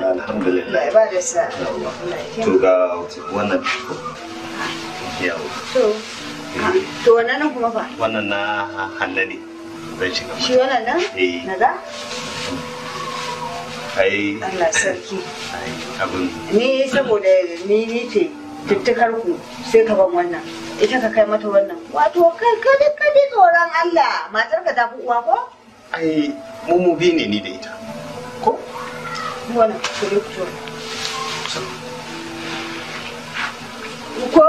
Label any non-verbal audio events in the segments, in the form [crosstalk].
alhamdulillah ba da sa to ga wannan yawo to eh. to wannan kuma fa wannan na hannani zai shiga shi wannan nan eh. na da ai Allah sarki abin ni saboda ni ni ce tuttukar ku sai ka ban wannan ita ka kai mata wannan wato kai kada kada tsoron Allah matar ka ta fi uwa ko ai mu mu bi ne ni da ita Voilà, je l'ai Ko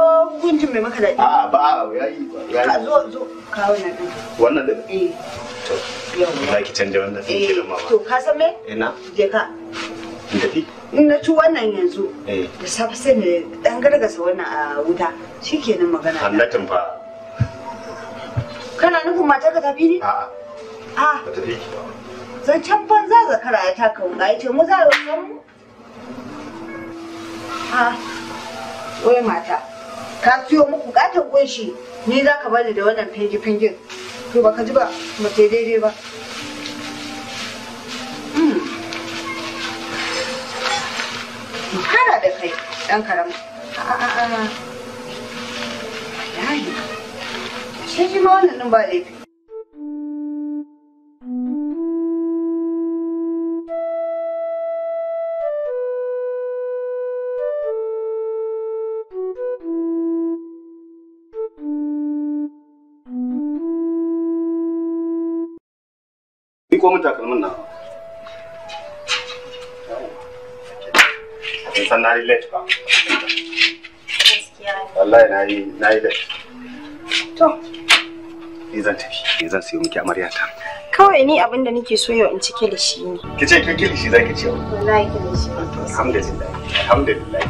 gunjin mai maka daɗi? A ah, ba ya yi Ka zo zo ka wannan ɗin. Wannan ɗin? Eh. To, za ki canja wannan ɗin eh, mama. To, ka san me? Ina. Je ka. In tafi? In na ci wannan yanzu. Eh. Da safe sai na ɗan gargasa wannan a wuta. Shikenan magana. Hannatin fa. Kana nufin matar ka tafi ne? A'a. A. Ah. Ka tafi. zancen banza zakara ya taka wuka ya ce mu za a mu ha wai mata ka siyo muku katon kunshi ni za ka bari da wannan fingin-fingin to ka ji ba ba ta daidai ba Hara hmm. da kai dan karamu. A'a a'a. Sai Shi ma wannan ɗin ba laifi. Ni ko takalmin Ban san na yi late ba. Wallahi na yi na yi late. To. Ni zan tafi, ni zan miki Kawai ni abin da nake so yau in kilishi ne. Ki ce kilishi za ce. Wallahi kilishi. Alhamdulillah. Alhamdulillah.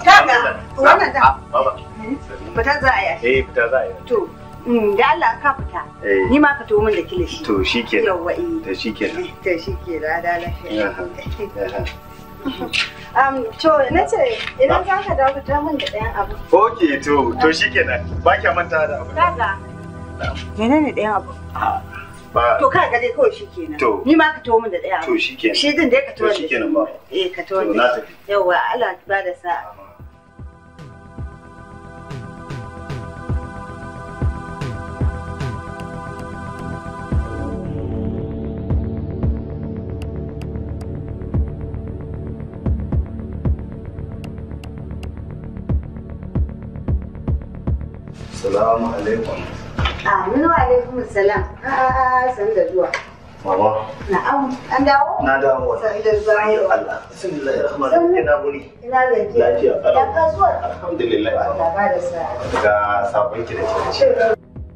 Kaga, hmm. wannan da. Ah, baba. Hmm. Fita za a yi. Eh, fita za a yi. To, Mm, da Allah ka fita eh. ni ma ka tuwo min da kilishi to shi ke yawa eh to shi ke to shi ke da da lafiya [laughs] um to na ce idan za ka dawo ka min da ɗayan abu ok to to shi ke nan ba kya manta da abu kaga menene ɗayan abu ah, to ka ga dai kawai shi ke to ni ma ka tuwo min da ɗayan abu to shi ke shi din dai ka tuwo da shi eh ka tuwo da yawa Allah ba da sa'a Assalamu alaikum. Amin ah, wa alaikum salam. A'a ah, ah, san da zuwa. Baba. Na'am, an dawo? Na dawo. Sai da zuwa. Sai Allah. Bismillahir Ina guri. Ina gaje. Lafiya. Ya kasuwar. Alhamdulillah. Allah ba da sa'a. Ga sabon ki da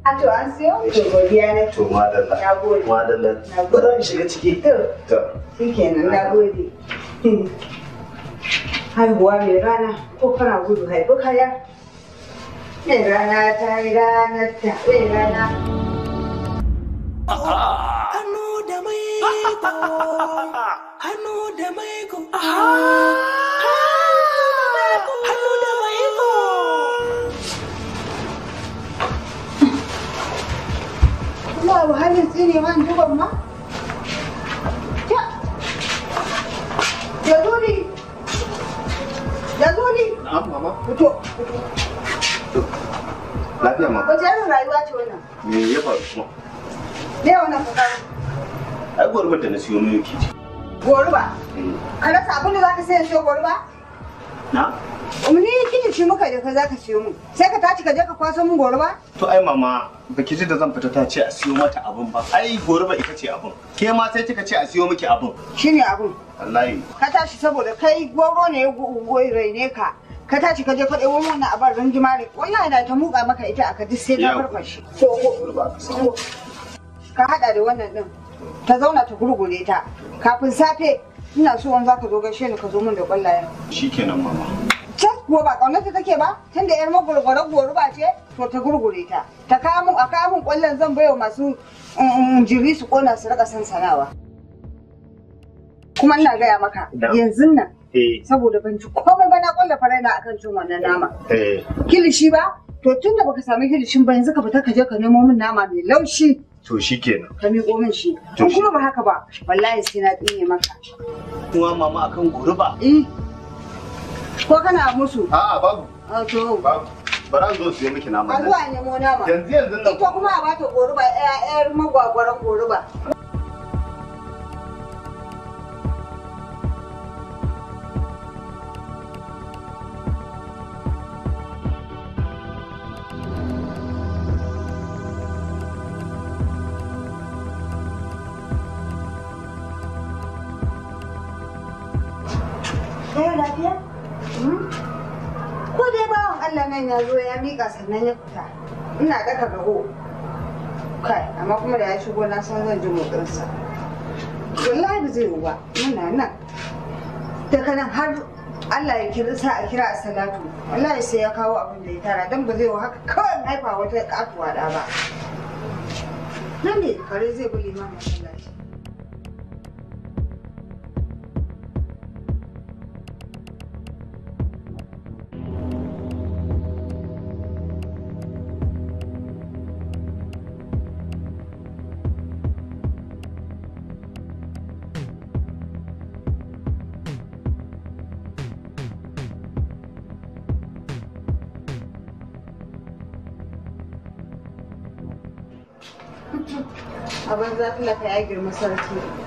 A to an siyo? Eh, to godiya ne. To madalla. Na gode. Madalla. Na gode. Bari shiga ciki. To. To. Shikenan, na gode. [laughs] Haihuwa mai rana ko kana gudu haifi kaya. إيرانا تايرانا تايرانا Hannu da maiko, hannu da maiko, hannu da maiko. Wow, har yanzu ne man duban ma? Ya, ya zo ne, ya zo ne. Na'am, mama. Fito, fito. Lafiya ma. Wace irin rayuwa ce wannan? Me ya faru kuma? Me wannan kuka? Ai gwarmar da na siyo min yake ce. Goruba? Eh. Ka rasa abin da za ka sai siyo goruba? Na? Umni kiji ci muka da ka za ka siyo min. Sai ka tashi ka je ka kwaso min goruba? To ai mama baki ji da zan fita ta ce a siyo mata abin ba. Ai goruba ita ce abin. Ke ma sai kika ce a siyo miki abin. Shine abin. Wallahi. Ka tashi saboda kai goro ne ya ne ka. ka tashi ka je ka ɗebo wannan abar ringima ne Wannan yana ta muka maka ita aka duk sai na farfashe ka hada da wannan din ta zauna ta gurgure ta kafin safe ina so wani zaka zo gaishe ni ka zo min da kwallayen shikenan mama can kuwa ba ƙaunarta take ba tun da yar magurgure goruba ce to ta gurgure ta ta kawo mun a kawo min kwallon zan baiwa masu mm, mm, mm, jiri su kona su raka sansanawa kuma ina gaya maka yanzu nan Eh. saboda ban ci komai ba na kwalla faraina akan cin wannan nama eh. kilishi ba to tun da baka sami kilishin ba yanzu ka fita ka je ka nemo min nama mai laushi to shi kenan ka miƙo min shi to kuma ba haka ba wallahi sai na tsine maka kuma mama akan guruba eh ko kana musu a'a babu a ah, to babu bara zo yi miki nama a zuwa nemo nama yanzu yanzu nan ko kuma a bata goruba ƴaƴar eh, magwagwaran goruba miƙa sannan ya fita ina ɗaga gaho kai amma kuma da ya shigo na san zan ji motsinsa wallahi ba zai yi ba muna nan daga nan har Allah ya kira sa a kira a salatu wallahi sai ya kawo abin da ya tara don ba zai wa haka kawai haifa wata katuwa da ba nan ne kare zai bi limamin masallaci جزاك الله خير اجر مسارتي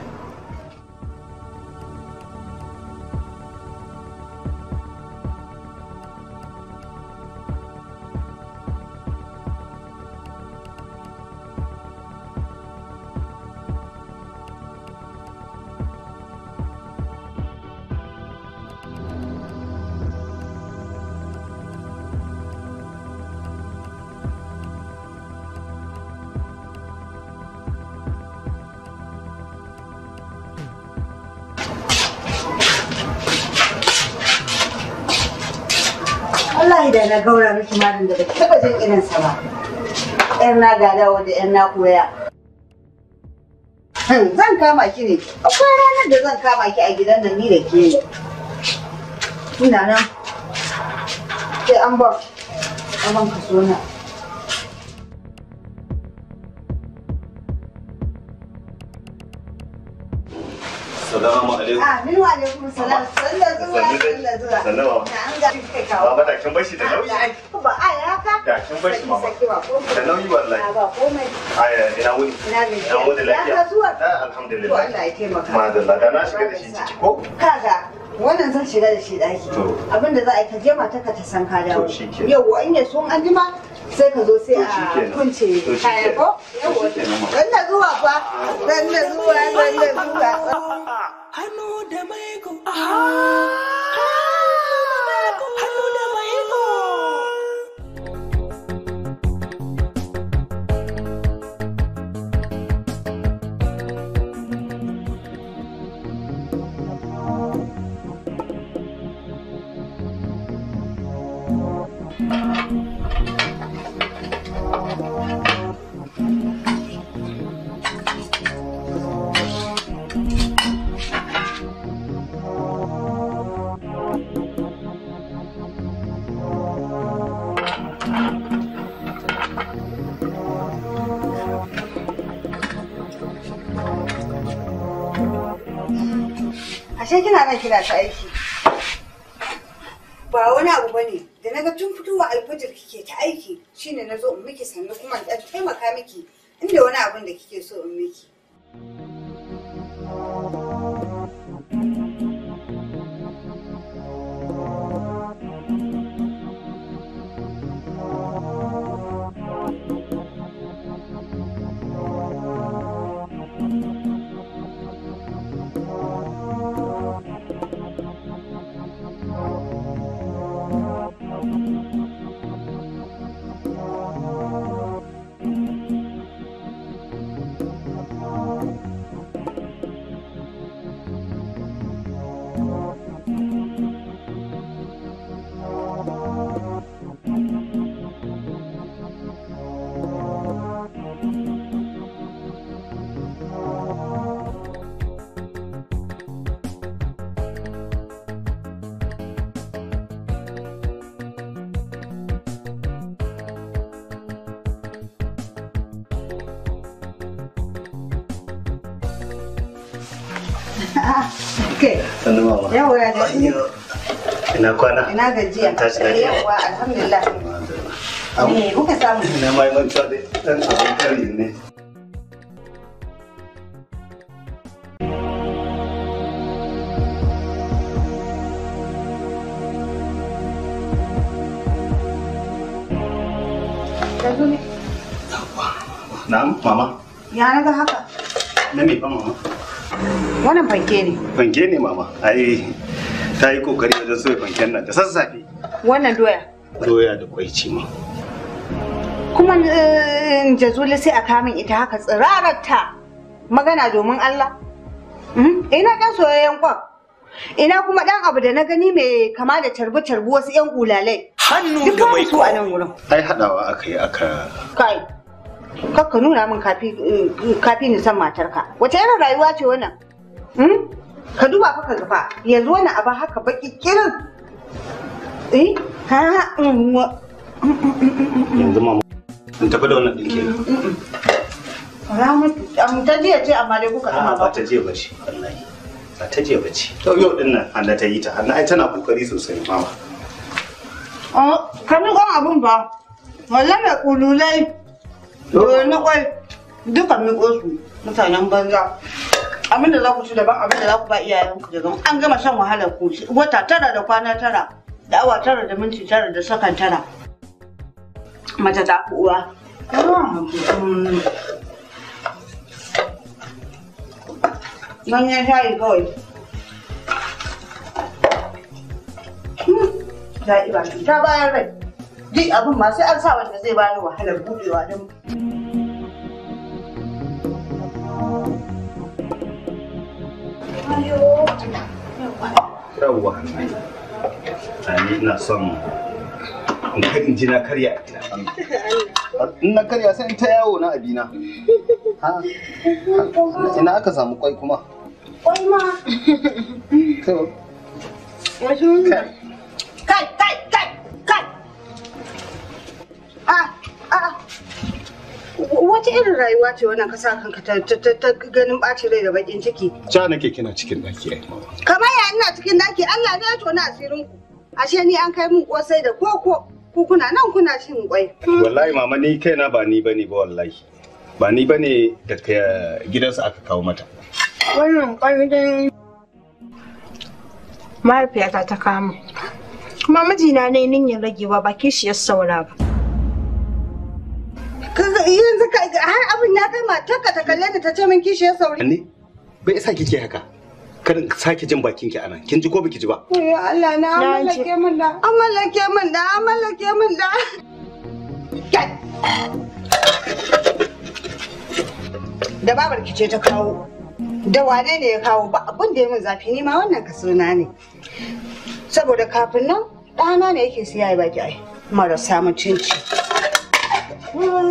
na gaura miki malam da baki taba jin irin sa ba yar na gada wanda yar na koya hmm, zan kama ki ne akwai ranar da zan kama ki a gidan nan ni da ke ina nan sai an ba an ban kaso na Assalamu alaikum. Amin ah, wa alaikum salam. Sallar zuwa sallar zuwa. Sallama. Na ga kai kawo. Ba ta kin bashi da nauyi. Ba a haka. Da kin bashi ah, ah, mama. Da nauyi wallahi. Ba komai. Aya ina wuni. Ina wuni lafiya. da alhamdulillah. Allah ya taimaka. da na shiga da shi ciki ko? Kaga wannan zan shiga da shi daki. abinda za a yi ka je ka ta san ka dawo. Yawwa in ya so an jima sai ka zo sai a kunce kaya ko? Yawwa. Dan da zuwa fa. Dan da zuwa dan da zuwa. Hannu da mai ko. ashe kina nan kina ta aiki ba wani abu bane da naga tun fitowa alfajir kike ta aiki shine nazo in miki sannu kuma in taimaka miki inda wani abun da kike so in miki Okay. Sannu mama. Yawwa ya ji. Ina kwana. Ina gajiya. Tashi gajiya. Yawwa alhamdulillah. Me kuka samu? Ina mai manta dai dan abin kari ne. Na'am mama. Ya na ga haka. Na me fa mama? Wannan fanke ne. Fanke ne mama. Ai ta yi kokari wajen soya fanken nan da sassafe. Wannan doya. Doya da kwai ce ma. Kuma eh, jazuli sai a kamun ita haka tsirararta magana domin Allah. Mhm. Ina ɗan soyayyen kwan. Ina kuma ɗan abu da na gani mai kama da tarbu-tarbu wasu 'yan kulalai. Hannu da mai kwa. Ai haɗawa aka yi aka. Kai. kar ka nuna min kafi eh, ni san matarka wace irin rayuwa ce wannan hmm? ka duba fa ka fa. yanzu wani abin haka baki kirin eh ha mm, yanzu ma in tafi da wannan dinke kenan mm, mm, Ramatu, ta jiya ce amma dai kuka ɗuma ba. Ta jiya bace, wallahi. Ba ta jiya bace. To yau din nan Hanna ta yi ta. Hanna ai tana kokari sosai mama. Oh, kamin gon abun ba. Wallahi mai kululai. na kwai duka miƙo su banza da da ba iyayenku an gama shan wahalar ku wata tara da kwana tara da awa tara da minti tara da sakan tara mace duk abin ma sai an sa wanda zai bani wahalar budewa don ni ina son in karin ji na karya in na karya sai in ta yawo na abina ina aka samu kwai kuma kwai ma kai kai Wace irin rayuwa ce wannan kasa kanka ta ganin ɓaci rai da baƙin ciki? Ca nake kina cikin ɗaki ai. Kamar ya ina cikin ɗaki Allah ya tona asirin ku. Ashe ni an kai min kosai da koko ku kuna nan kuna shin kwai. Wallahi mama ni kaina ba ni bane ba wallahi. Ba ni bane daga gidansa aka kawo mata. Wannan ƙarfin mahaifiyata ta kama. Mamaji na ne nin ya ragewa ba ya saura ba. Eh, yanzu har abin ya kai matarka ta kalle ni ta ce min kishiyar sauri. Ne? Bai isa kike haka? Karin sake jin bakin ki anan. Kin ji ko biki ji ba? Ya Allah na amalake min da. Amalake min da. Amalake min da. Da babar ki ce ta kawo. Da wane ne ya kawo ba abin da ya min zafi ni ma wannan kaso na ne. Saboda kafin nan ɗana ne yake siya ya baki ai. Marasa mutunci. kuna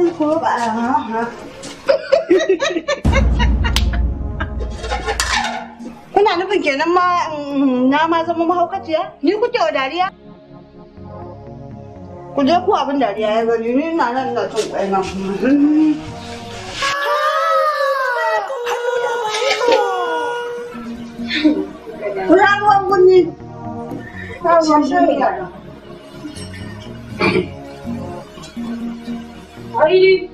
nufin kenan ma na ma zama mahaukaciya ni kuke wa dariya ku je ku abin dariya ya gani ni na nan na cin kwai nan Rawan Kuna ruwan bunyi. Ai.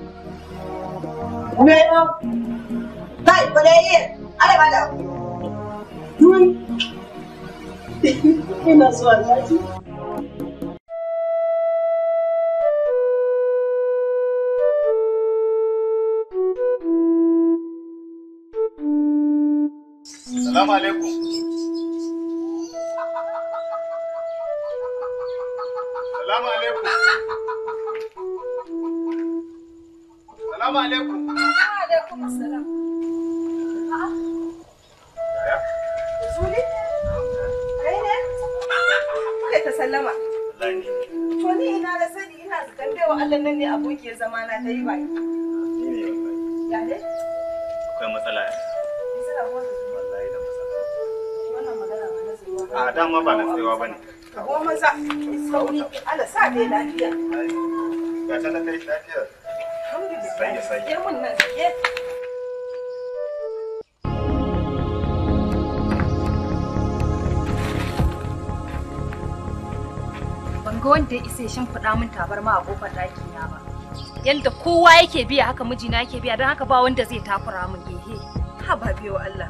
Me no. Dai, puede ir. Ale, vale. Dun. Ina zuwa Salamu alaikum. Assalamu alaikum. Wa alaikum assalam. To ni ina da sani ina baiwa Allah nan ne abokiyar zama na ta yi Ya ne? Akwai matsala ya. Wallahi da matsala. Wannan magana ba na tsayuwa ba. A dama ba na tsayuwa ba ne. Goma za. Sauri. Allah sa lafiya. ta na kai Sai ga wanda ya isa ya shimfiɗa min tabarma a ƙofar ɗaki na ba. yadda kowa yake biya haka mijina yake biya don haka ba wanda zai takura min gehe. Ha ba biyo Allah.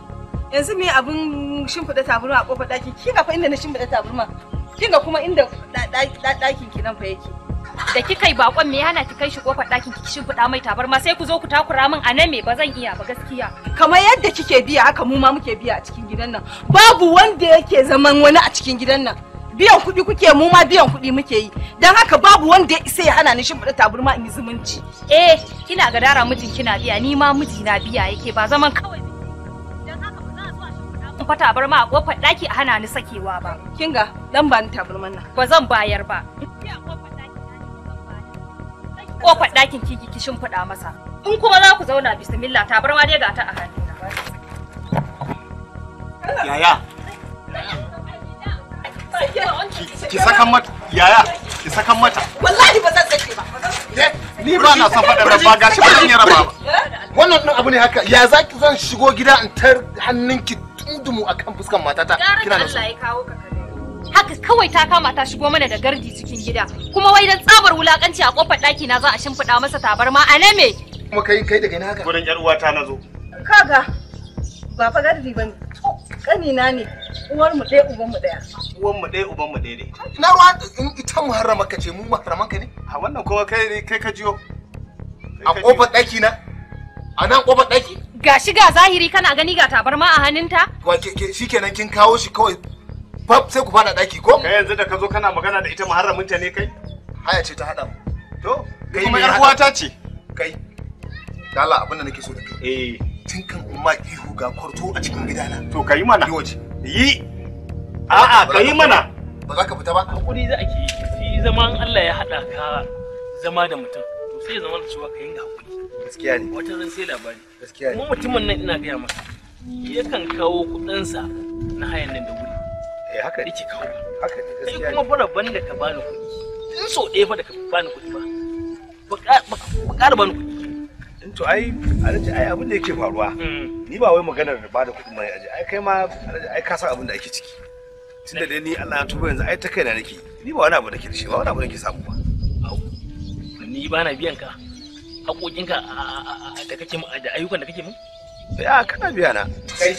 Yanzu me abin shimfiɗa tabarma a ƙofar ɗaki? Kinga fa inda na shimfiɗa tabarma? Kinga kuma inda ɗakin ki nan fa yake? da kika yi bakon me yana ki kai shi kofar ɗakin ki shimfiɗa mai tabarma sai ku zo ku takura min a nan me ba zan iya ba gaskiya kamar yadda kike biya haka mu ma muke biya a cikin gidan nan babu wanda yake zaman wani a cikin gidan nan biyan kuɗi kuke mu ma biyan kuɗi muke yi don haka babu wanda ya ya hana ni tabar ma in yi zumunci eh kina ga dara mijin kina biya ni ma mijina biya yake ba zaman kawai haka ba za a kofar ɗaki a hana ni sakewa ba kinga dan ba ni tabarman nan ba zan bayar ba kofar dakin kiki ki shimfiɗa masa in kuma za ku zauna bismillah tabarma dai ga ta a hannu. yaya ki sakan mata yaya ki sakan mata wallahi ba zan tsake ba eh, ni ba na son faɗin rabba gashi ba zan yi raba ba wannan ɗin abu ne haka ya za ki zan shigo gida in tar hannunki a akan fuskan matata kina da Allah ya kawo ka haka kawai ta kama ta shigo mana da gardi cikin gida kuma wai dan tsabar wulakanci a kofar daki na za a shimfiɗa masa tabarma a ne me kuma kai kai daga ina haka gurin yar uwata ta nazo kaga ba fa gardi bane kanina ne uwar mu ɗaya uban mu ɗaya uwan mu ɗaya uban mu ɗaya ne na ruwa in ita muharrama ka ce mu muharraman ka ne a wannan kowa kai ne kai ka jiyo a kofar daki na a nan kofar daki shi ga zahiri kana gani ga tabarma a hannunta wa ke shikenan kin kawo shi kawai sai ku fada daki ko kai yanzu da ka zo kana magana da ita muharramin ta ne kai haya ce ta hada mu to kai kuma yar uwata ce kai dala abin da nake so da kai eh tun kan umma ihu ga kwarto a cikin gidana to kai mana yi waje yi a'a kai mana ba za ka fita ba hakuri za a ke yi zaman Allah ya hada ka zama da mutum to sai zaman cewa ka yinga hakuri gaskiya ne wata ran sai labari gaskiya ne kuma mutumin nan ina gaya maka yakan kawo kudinsa na hayan nan da wuri eh haka nake kawo haka ne gaskiya kuma bara banda ka bani kuɗi in so ɗaya fa da ka bani kuɗi ba ba ƙara bani kuɗi in to ai alhaji ai abin da yake faruwa hmm. ni ba wai maganar ba da kuɗi mai aji ai kai ma alhaji ai ka san abin da ake ciki tunda dai ni Allah ya tuba yanzu ai ta kaina nake ni ba wani abu nake da shi ba wani abu nake samu ba ni ba na biyan ka haƙoƙinka da kake da ayyukan da kake mun ya kana biya na kai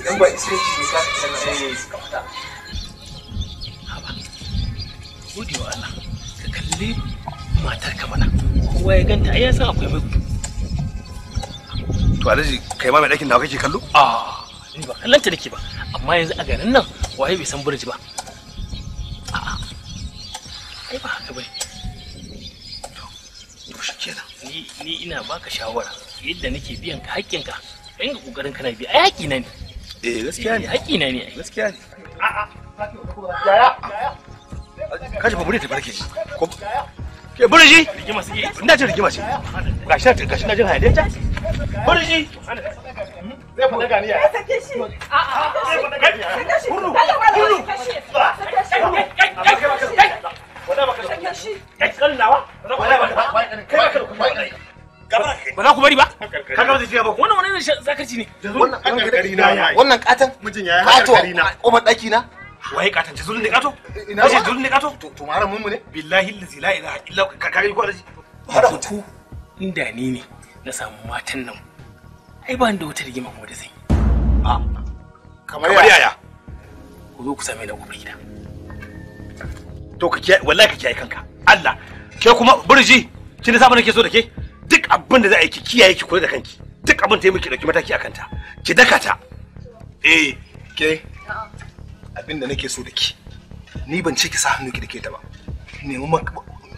idan ba isin shi ba ka fita haba gode wa Allah ka kalli matar ka mana kowa ya ganta ai ya san akwai mai to alaji kai ma mai dakin da kake kallo a ah, ni ba kallanta nake ba amma yanzu a garin nan waye bai san burji ba a'a ai ba haka bane to to shikenan ni ni ina baka shawara yadda nake biyan ka haƙƙinka ka yin kokarin kana bi a yaki na ne eh gaskiya ne yaki na ne gaskiya ne a a yaya ka ji babure ta barke shi ko ke burji rigima su yi ina jin rigima ce gashi na gashi na jin hayaniya ta burji zai fada gani ya sake shi a a zai fada gani ya hurru hurru wanda baka sake shi kai kan nawa wanda baka kai baka kai ba za ku bari ba kaga ba wannan wani zakarci ne wannan kato kuma daki na waye zulun kato ina ce zulun kato to mara mun ne billahi la ilaha illa ka ko alaji ku inda ni ne na samu matan nan ai ba wata rigima kuma da zai a ah, kamar yaya ku zo ku same da gobe gida to ka kiyaye wallahi ka kiyaye kanka Allah ke kuma burji kin da sabon nake so da ke duk abin da za a yi ki kiyaye ki kula da kanki duk abin da ya miki dauki mataki akan ta ki daka ta eh ke abin da nake so da ki ni ban ce ki sa hannu ki dake ta ba nemi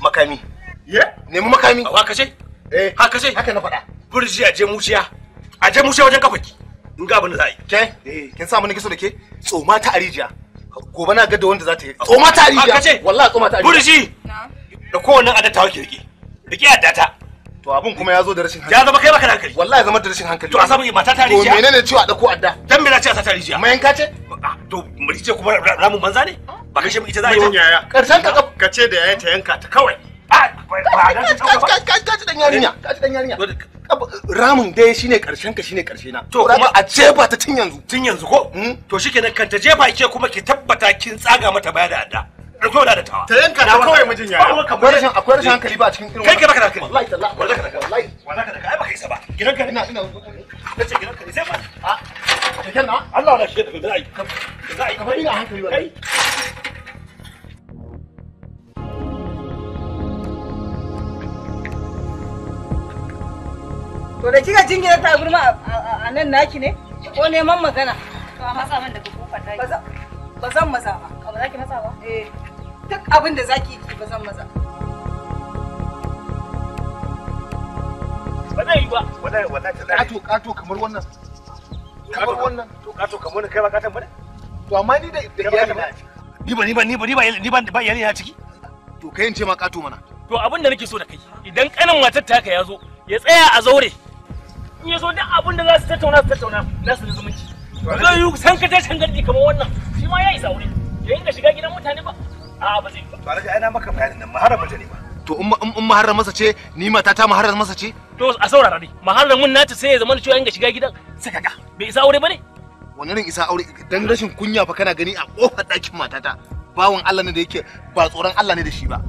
makami ye nemi makami a haka ce eh haka ce haka na faɗa burji a je muciya a je muciya wajen kafaki in ga abin da za a yi ke eh kin sa mun ki so da ke tsoma ta arijiya gobe na ga da wanda za ta yi tsoma ta arijiya wallahi tsoma ta arijiya burji da kowannen adatta wake rike rike adatta to abun kuma ya zo da rashin hankali ya zama kai baka da hankali wallahi zama da rashin hankali to a samu mata ta rijiya to menene cewa da ko adda dan me za ce a sata rijiya mayan ka ce to ce kuma ramun banza ne ba ka shemu ita za a yi ta karshen ka ka ce da yaya ta yanka ta kawai ci dan yarinya ci dan yarinya ramun dai shine karshen ka shine karshe na to kuma a jefa ta tun yanzu tun yanzu ko hmm? to shikenan kan ta jefa ke kuma ki tabbata kin tsaga mata baya da adda dauki da tawa ta yanka da kawai mijin yaya akwai rashin akwai rashin hankali ba a cikin irin kai kai baka da hankali wallahi wallahi wallahi wallahi gidan ka ina ina gidan ka sai ba a Allah shi da ina hankali wallahi To da kika jingina ta gurma a nan naki ne ko neman magana. To a matsa man daga kofar daki. Ba zan matsa ba. Ba za ki matsa ba? Eh. duk abin da zaki yi ba zan maza ba zai yi ba wallahi wallahi kato kato kamar wannan kamar wannan to kato kamar wannan kai ba katon bane to amma ni da iyali na ni ba ni ba ni ba ni ba ni ba iyali na ciki to kai in ce ma kato mana to abin da nake so da kai idan kanin matar taka ya zo ya tsaya a zaure in ya zo duk abin da za su tattauna su tattauna na su zumunci zai yi san ka tashin gardi kamar wannan shi ma ya isa wuri ya ka shiga gidan mutane ba a ba ba to aina maka bayanin nan maharar ta ne ba to in in maharar masa ce ni mata ta maharar masa ce to a saurara ne maharar mun nata sai ya zama cewa in ga shiga gidan sai kaga bai isa aure ba ne wani isa aure dan rashin kunya fa kana gani a kofar ɗakin matata bawan Allah ne da yake ba tsoron Allah ne da shi ba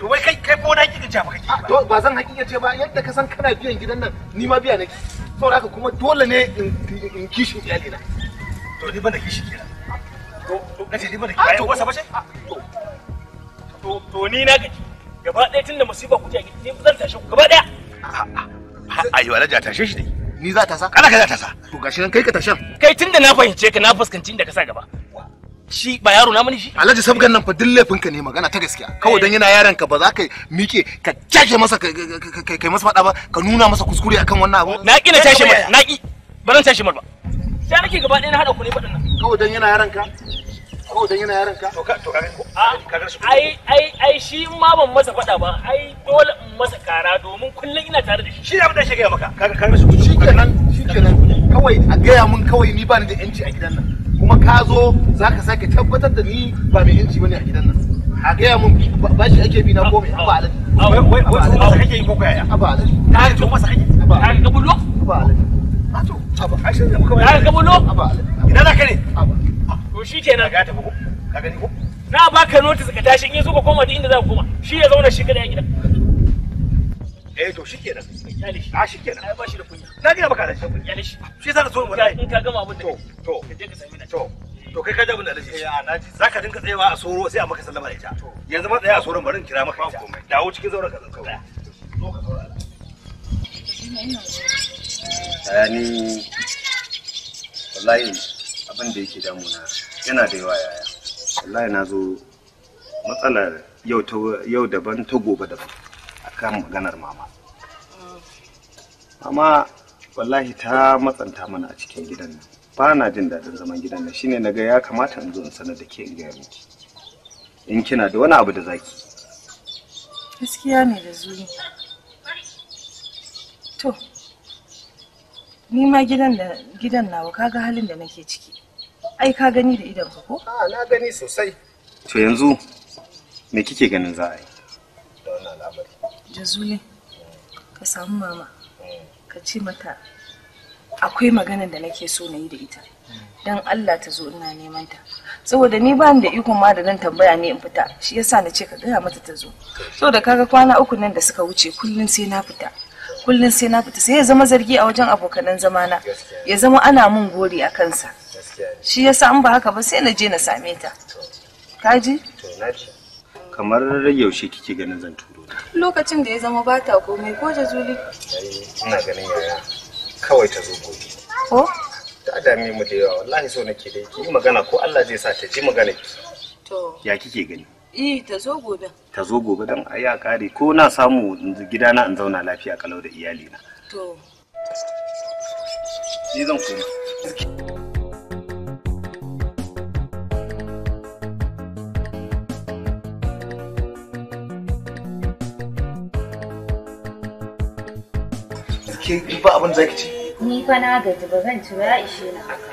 to wai kai kai bona kike ja baka kike to ba zan hakika ce ba yadda ka san kana biyan gidan nan ni ma biya nake saboda haka kuma dole ne in kishin iyali na to ni ba da kishin kenan to na ah, ah, ni na gaji gaba ɗaya tun da musiba kuke gidi ni zan tashe ku gaba ɗaya ah, ayo alaja tashe shi ne ni za ta sa kana ka za ta sa to gashi nan kai ka tashan kai tun da na fahimce ka na fuskanci inda ka sa gaba shi ba yaro na mani shi alhaji sabgan nan fa duk laifin ka ne magana ta gaskiya kawai dan eh. yana yaron ka ba za ka mike ka kyashe masa kai masa fada ba ka nuna masa kuskure akan wannan abu na ki na tashi mar na ki ba zan tashi mar ba sai nake gaba ɗaya na hada ku ne faɗin nan kawai dan yana yaranka kawai yana yaranka to ka ai ai shi in ma ban masa faɗa ba ai dole in masa kara domin kullum ina tare da shi shi abin da shi ga maka kaga kawai a gaya mun kawai ni ba ni da yanci a gidan nan kuma ka zo za ka sake tabbatar da ni ba mai yanci a gidan nan a gaya mun ba shi ake bi na komai a ba alaji wai wai wai ake yi ko kaya a ba alaji ka ji a ba alaji Ato, aba, ai sai muka bayar. Ka bulo? za ka ne? Ka gani Na notice ka tashi in ka koma duk inda za ka koma. Shi ya zauna shi kada ya gida. Eh to shi kenan. Kyale shi. Ah shi kenan. Ai ba shi da kunya. Na gina baka da shi. shi. Shi yasa na so mu In ka gama abin da. To, to. Ka je ka sami na. To. to kai ka ji abin da alaji ya eh, Za zaka dinka tsayawa a soro sai a maka sallama da ita yanzu ma tsaya a soron barin kira maka ita dawo cikin zauren ka zan ka bayani wallahi abin da yake damuna yana da yawa yaya wallahi na zo matsalar yau daban ta gobe daban akan maganar mama amma wallahi ta matsanta mana a cikin gidan nan ba na jin daɗin zaman gidan nan shine ga ya kamata in zo in sanar da ke in gaya miki in kina da wani abu da zaki gaskiya ne da zuri to ni ma gidan da gidan nawa kaga halin da nake ciki ai ka gani da idan ko a ah, na gani sosai to yanzu me kike ganin za a yi da wannan ka samu mama eh. ka ce mata akwai maganar da nake so na yi da ita don Allah ta zo ina neman ta saboda ni ba da ikon ma da zan tambaya ne in fita shi yasa na ce ka gaya mata ta zo saboda kaga kwana uku nan da suka wuce kullum sai na fita kullum sai na fita sai ya zama zargi a wajen abokanan zamana ya zama ana mun gori a kansa shi ya an ba haka ba sai na je na same ta kaji kamar yaushe kike ganin zan turo ta lokacin da ya zama ba ta komai ko zuli ina ganin yaya kawai ta zo gobe ko ta dame mu da yawa wallahi so nake da ki magana ko Allah zai sa ta ji magana ki to ya kike gani Eh, ta zo gobe. Ta zo gobe don a kare ko na samu gidana in zauna lafiya kalau da iyalina. To. Ni zan kuma. Ke ba abin da zaki ci? Ni fa na gaji ba zan ci ba ya ishe na haka.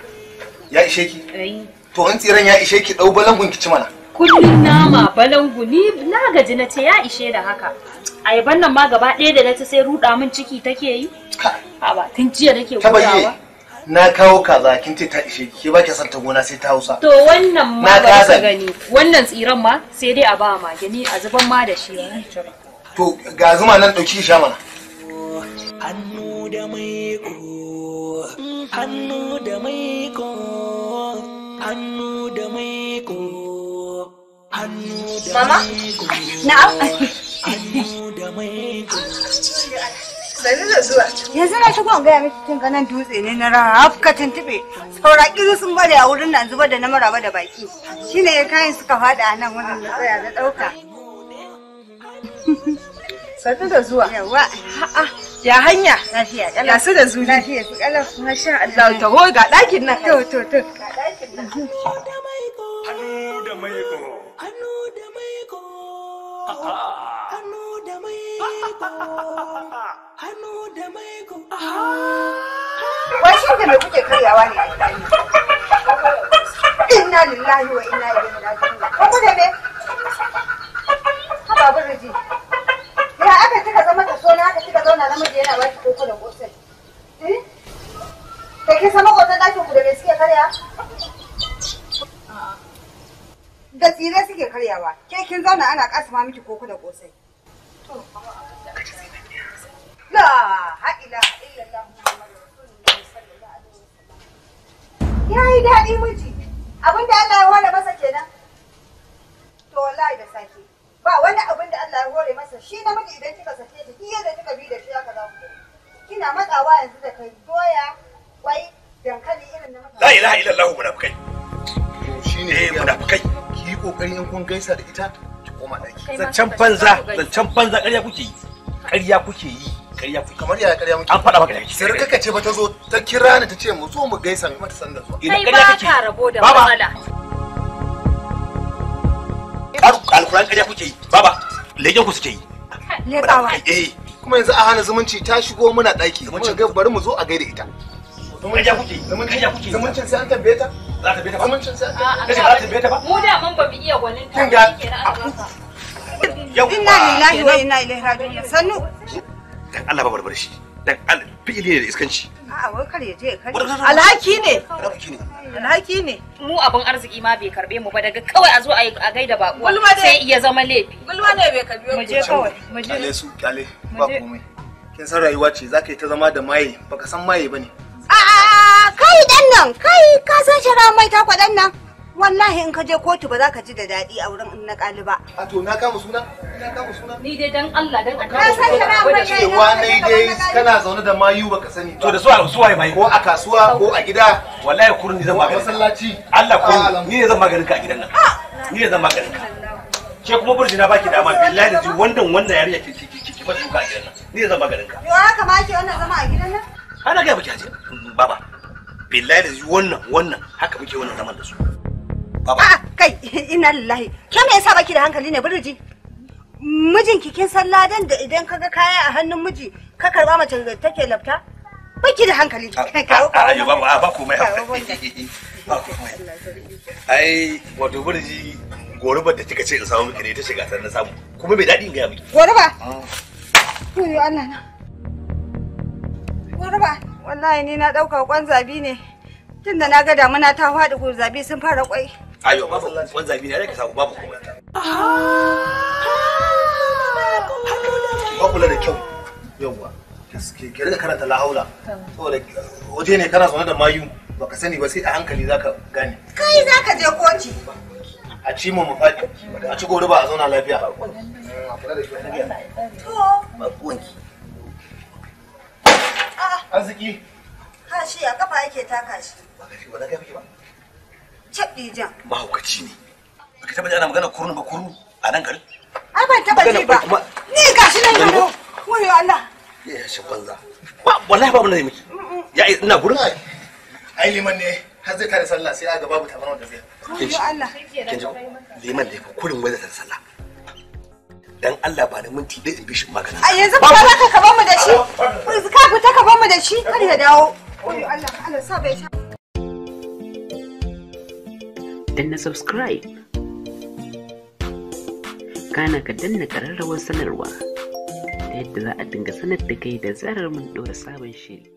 Ya ishe ki? Eh. To an tsiran ya ishe ki dau balangun ki ci mana. kullum nama balangu ni na gaji na ce ya ishe da haka ayaban bannan ma gaba ɗaya da na ta sai ruɗa min ciki take yi ba tun jiya nake gudawa na kawo kaza kin ce ta ishe ki ba ki san ta gona sai ta hausa to wannan ma ba ka gani wannan tsiran ma sai dai a ba ma gani a zuban ma da shi to ga zuma nan dauki sha mana hannu da mai ko hannu da mai ko hannu da mai ko Mama? Na'am. Sani da zuwa. Yanzu na shigo in gaya miki kin ganin dutse ne na hafka tuntube. Sauraki kizu sun bari a wurin nan zuba da na maraba da baki. Shi ne ya kayan suka fada a nan wannan matsaya da na dauka. Sani da zuwa. Yawa. Ya hanya. Lafiya Ya su da zuri. Lafiya su su Masha Allah. Taho ga ɗakin nan. To to to. Ga ɗakin nan. Hannu da maiko. Ah, ah. hannu da maiko hannu da maiko hannu ah. da wai da kuke karyawa ne a inna lillahi wa inna ilaihi raji'un da me ya aka kika zama ta aka kika zauna namiji yana ba ki koko da eh sama da tsire suke karyawa ke kin zauna ana kasama miki koko da kosai to la ha ilaha illallah ya yi daɗi miji abin da Allah ya hore masa kenan to wallahi da sake ba wani abin da Allah ya hore masa shi na miji idan kika sake shi ki da kika bi da shi haka za ku kina matsawa yanzu da kai doya wai dankali irin na mutane la ilaha illallah munafikai shine eh, munafikai kokarin in kun gaisa da ita ki koma daki zancan banza zancan banza ƙarya kuke yi ƙarya kuke yi ƙarya kuke kamar yaya ƙarya muke an faɗa maka daki sai kaka ce ba ta zo ta kira ni ta ce mu zo mu gaisa mu san sanda zuwa ina ƙarya kake kai ba da ƙarya kuke yi baba legen ku suke yi leƙawa eh kuma yanzu a hana zumunci ta shigo muna daki mun ga bari mu zo a gaida ita zumunci kuke zumunci sai an tambaye ta Allah ba barbar shi dan Allah fi'ili ne da iskanci a'a wai kar ya je kar alhaki ne alhaki ne mu abin arziki ma bai karbe mu ba daga kawai a zo a gaida bakuwa sai iya zama laifi gulma ne bai karbe mu je kawai mu je kale su kale ba komai kin san rayuwa ce zaka yi ta zama da maye baka san maye ne. kai dan nan kai ka san shara mai ta dan nan wallahi in ka je kotu ba za ka ji da daɗi a wurin in na ƙaliba. ba. A to na kama suna? Na kama suna? Ni dai dan Allah dan Allah. Na san shara mai ta cewa dai dai kana zaune da mayu baka sani. To da su a suwa bai. Ko a kasuwa ko a gida wallahi kurin ni zan maganin. Masallaci. Allah ah, kurin ni ne zan maganin ka a gidan nan. Ni ne zan maganin ka. Ke kuma burji na baki dama billahi da jin wannan wannan yarinya ke ki ki ki ba duka a gidan nan. Ni ne zan maganin ka. Yo haka ma ke wannan zama a gidan nan? Ana ga baki aje. Baba. billahi da wannan wannan haka muke wannan zaman da su baba a kai ina lillahi ke me yasa baki da hankali ne burji mijinki kin san ladan da idan kaga kaya a hannun miji ka karba mace da take lafta baki da hankali ayo baba ba komai ba komai ai wato burji gorubar da kika ce in samu miki ne ta shiga sannan samu kuma bai daɗi in gaya miki goruba to mm. Allah na goruba wallahi ni na dauka kwan zabi ne tunda na ga damuna ta faɗi ko zabi sun fara kwai ayo babu kwan zabi ne ka sabu babu kuma ba kula da kyau yawwa ke rika karanta lahaula saboda waje ne kana zaune da mayu baka sani ba sai a hankali zaka gane kai zaka je koci a ci mu mu fadi a ci gobe ba a zauna lafiya ba kula da kyau ba kuwanki arziki kashi a kafa yake taka shi ba kashi ba na ga ba cabbi jan mahaukaci ne ka taba ji ana magana kurun ba kuru a nan gari ai ban taba ji ba ni gashi nan gano wayo Allah ya shi banza ba wallahi babu ne miki ya ina gurin ai liman ne har zai tare sallah sai a ga babu tabarau da zai kin Allah kin ji liman ne fa kurin wai da sallah dan Allah ba da minti dai in bishin magana a yanzu ba ka kaba mu da shi ka fita ka ba mu da shi kar ya dawo Allah Allah sa bai na subscribe kana ka danna kararrawar sanarwa ta yadda za a dinga sanar da kai da zarar mun ɗora sabon shiri